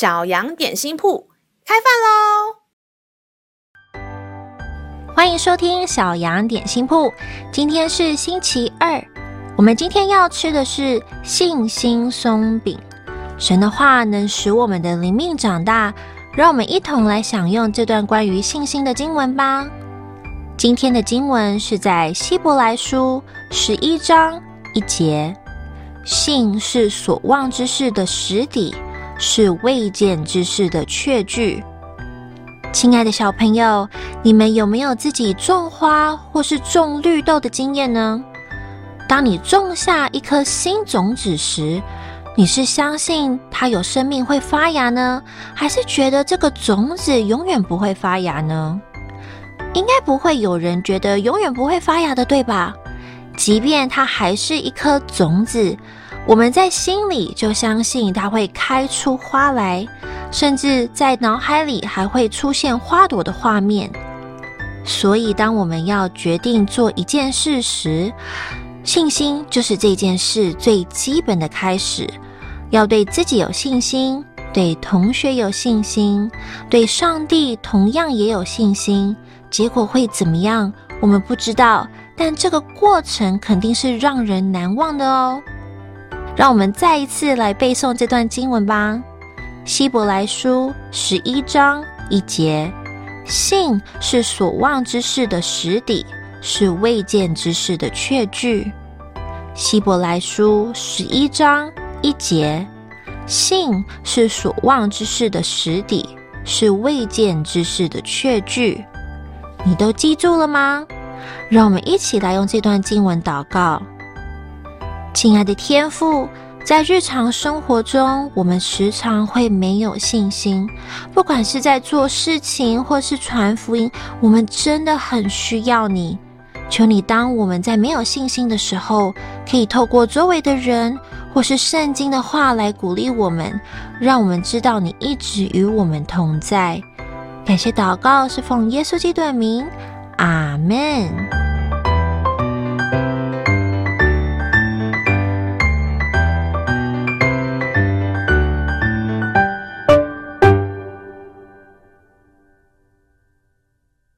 小羊點心鋪開飯嘍！歡迎收聽小羊點心鋪。今天是星期二，我們今天要吃的是信心鬆餅。神的話能使我們的靈命長大，讓我們一同來享用這段關於信心的經文吧。今天的經文是在希伯來書十一章一節：“信是所望之事的實底。”是未見之事的確據。親愛的小朋友，你們有沒有自己種花或是種綠豆的經驗呢？當你種下一顆新種子時，你是相信它有生命會發芽呢，還是覺得這個種子永遠不會發芽呢？應該不會有人覺得永遠不會發芽的，對吧？即便它還是一顆種子。我們在心裡就相信它會開出花來，甚至在腦海裡還會出現花朵的畫面。所以，當我們要決定做一件事時，信心就是這件事最基本的開始。要對自己有信心，對同學有信心，對上帝同樣也有信心。結果會怎麼樣，我們不知道，但這個過程肯定是讓人難忘的哦。讓我們再一次來背誦這段經文吧，《希伯來書》十一章一節：“信是所望之事的實底，是未見之事的確據。”《希伯來書》十一章一節：“信是所望之事的實底，是未見之事的確據。”你都記住了嗎？讓我們一起來用這段經文禱告。親愛的天父，在日常生活中，我們時常會沒有信心，不管是在做事情或是傳福音，我們真的很需要你。求你，當我們在沒有信心的時候，可以透過周圍的人或是聖經的話來鼓勵我們，讓我們知道你一直與我們同在。感謝禱告，是奉耶穌基督的名，阿門。